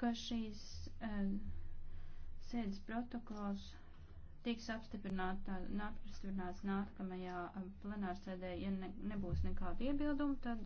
ka šīs um, sēdes protokols tiks apstiprināts nākamajā plenārsēdē, ja ne, nebūs nekāda iebilduma, tad